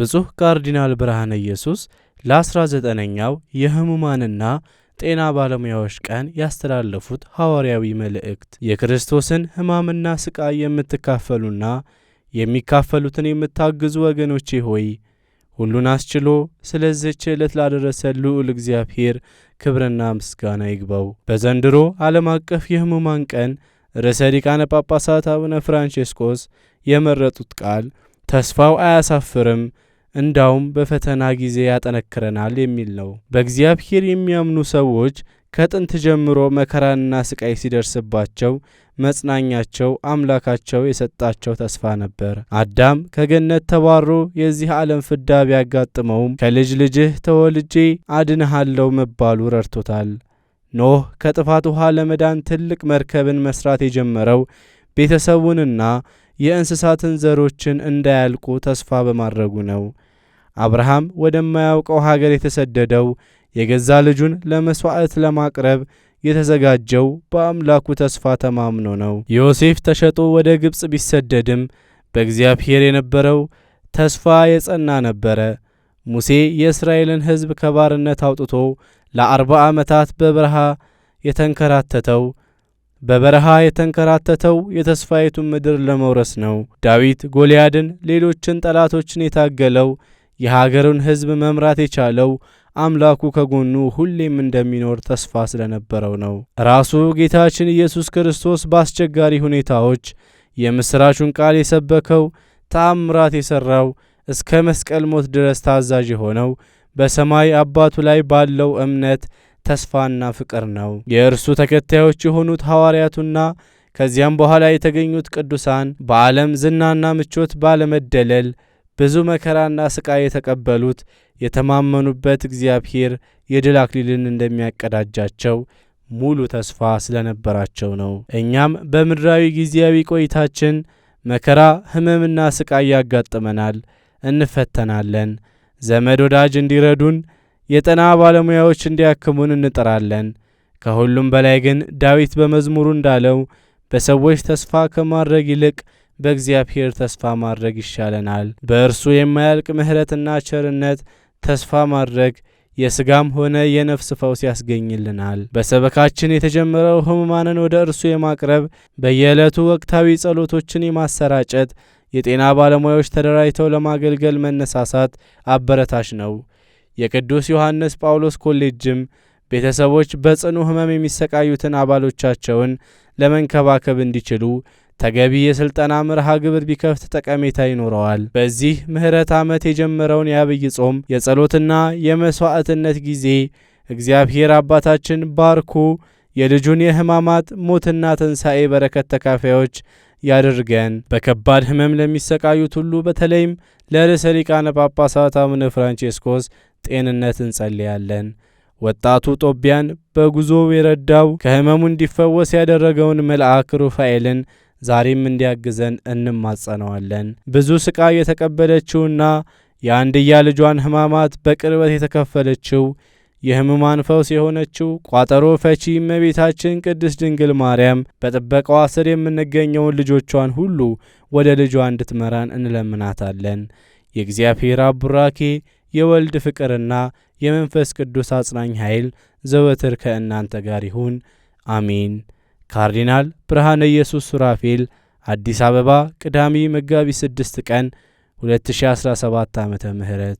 ብፁዕ ካርዲናል ብርሃነ ኢየሱስ ለ19ኛው የሕሙማንና ጤና ባለሙያዎች ቀን ያስተላለፉት ሐዋርያዊ መልእክት የክርስቶስን ሕማምና ሥቃይ የምትካፈሉና የሚካፈሉትን የምታግዙ ወገኖቼ ሆይ ሁሉን አስችሎ ስለዚች ዕለት ላደረሰ ልዑል እግዚአብሔር ክብርና ምስጋና ይግባው። በዘንድሮ ዓለም አቀፍ የሕሙማን ቀን ርዕሰ ሊቃነ ጳጳሳት አቡነ ፍራንቼስኮስ የመረጡት ቃል ተስፋው አያሳፍርም እንዳውም በፈተና ጊዜ ያጠነክረናል የሚል ነው። በእግዚአብሔር የሚያምኑ ሰዎች ከጥንት ጀምሮ መከራና ስቃይ ሲደርስባቸው መጽናኛቸው አምላካቸው የሰጣቸው ተስፋ ነበር። አዳም ከገነት ተባሮ የዚህ ዓለም ፍዳ ቢያጋጥመውም ከልጅ ልጅህ ተወልጄ አድንሃለው መባሉ ረድቶታል። ኖህ ከጥፋት ውኃ ለመዳን ትልቅ መርከብን መስራት የጀመረው ቤተሰቡንና የእንስሳትን ዘሮችን እንዳያልቁ ተስፋ በማድረጉ ነው። አብርሃም ወደማያውቀው ሀገር የተሰደደው የገዛ ልጁን ለመሥዋዕት ለማቅረብ የተዘጋጀው በአምላኩ ተስፋ ተማምኖ ነው። ዮሴፍ ተሸጦ ወደ ግብፅ ቢሰደድም በእግዚአብሔር የነበረው ተስፋ የጸና ነበረ። ሙሴ የእስራኤልን ሕዝብ ከባርነት አውጥቶ ለአርባ ዓመታት በበረሃ የተንከራተተው በበረሃ የተንከራተተው የተስፋይቱን ምድር ለመውረስ ነው። ዳዊት ጎልያድን፣ ሌሎችን ጠላቶችን የታገለው የሀገሩን ሕዝብ መምራት የቻለው አምላኩ ከጎኑ ሁሌም እንደሚኖር ተስፋ ስለነበረው ነው። ራሱ ጌታችን ኢየሱስ ክርስቶስ በአስቸጋሪ ሁኔታዎች የምሥራቹን ቃል የሰበከው ተአምራት የሠራው እስከ መስቀል ሞት ድረስ ታዛዥ የሆነው በሰማይ አባቱ ላይ ባለው እምነት ተስፋና ፍቅር ነው። የእርሱ ተከታዮች የሆኑት ሐዋርያቱና ከዚያም በኋላ የተገኙት ቅዱሳን በዓለም ዝናና ምቾት ባለመደለል ብዙ መከራና ሥቃይ የተቀበሉት የተማመኑበት እግዚአብሔር የድል አክሊልን እንደሚያቀዳጃቸው ሙሉ ተስፋ ስለነበራቸው ነው። እኛም በምድራዊ ጊዜያዊ ቆይታችን መከራ፣ ሕመምና ሥቃይ ያጋጥመናል፣ እንፈተናለን። ዘመድ ወዳጅ እንዲረዱን የጤና ባለሙያዎች እንዲያክሙን እንጥራለን። ከሁሉም በላይ ግን ዳዊት በመዝሙሩ እንዳለው በሰዎች ተስፋ ከማድረግ ይልቅ በእግዚአብሔር ተስፋ ማድረግ ይሻለናል። በእርሱ የማያልቅ ምሕረትና ቸርነት ተስፋ ማድረግ የሥጋም ሆነ የነፍስ ፈውስ ያስገኝልናል። በሰበካችን የተጀመረው ሕሙማንን ወደ እርሱ የማቅረብ በየዕለቱ ወቅታዊ ጸሎቶችን የማሰራጨት የጤና ባለሙያዎች ተደራጅተው ለማገልገል መነሳሳት አበረታች ነው። የቅዱስ ዮሐንስ ጳውሎስ ኮሌጅም ቤተሰቦች በጽኑ ሕመም የሚሰቃዩትን አባሎቻቸውን ለመንከባከብ እንዲችሉ ተገቢ የሥልጠና መርሃ ግብር ቢከፍት ጠቀሜታ ይኖረዋል። በዚህ ምሕረት ዓመት የጀመረውን የአብይ ጾም የጸሎትና የመሥዋዕትነት ጊዜ እግዚአብሔር አባታችን ባርኩ የልጁን የሕማማት ሞትና ትንሣኤ በረከት ተካፋዮች ያድርገን። በከባድ ሕመም ለሚሰቃዩት ሁሉ በተለይም ለርዕሰ ሊቃነ ጳጳሳት አቡነ ፍራንቼስኮስ ጤንነት እንጸልያለን። ወጣቱ ጦቢያን በጉዞው የረዳው ከህመሙ እንዲፈወስ ያደረገውን መልአክ ሩፋኤልን ዛሬም እንዲያግዘን እንማጸነዋለን። ብዙ ስቃይ የተቀበለችውና የአንድያ ልጇን ሕማማት በቅርበት የተከፈለችው የሕሙማን ፈውስ የሆነችው ቋጠሮ ፈቺ እመቤታችን ቅድስት ድንግል ማርያም በጥበቃዋ ስር የምንገኘውን ልጆቿን ሁሉ ወደ ልጇ እንድትመራን እንለምናታለን። የእግዚአብሔር አቡራኬ የወልድ ፍቅርና የመንፈስ ቅዱስ አጽናኝ ኃይል ዘወትር ከእናንተ ጋር ይሁን፣ አሜን። ካርዲናል ብርሃነ ኢየሱስ ሱራፌል አዲስ አበባ ቅዳሜ መጋቢ 6 ቀን 2017 ዓ ም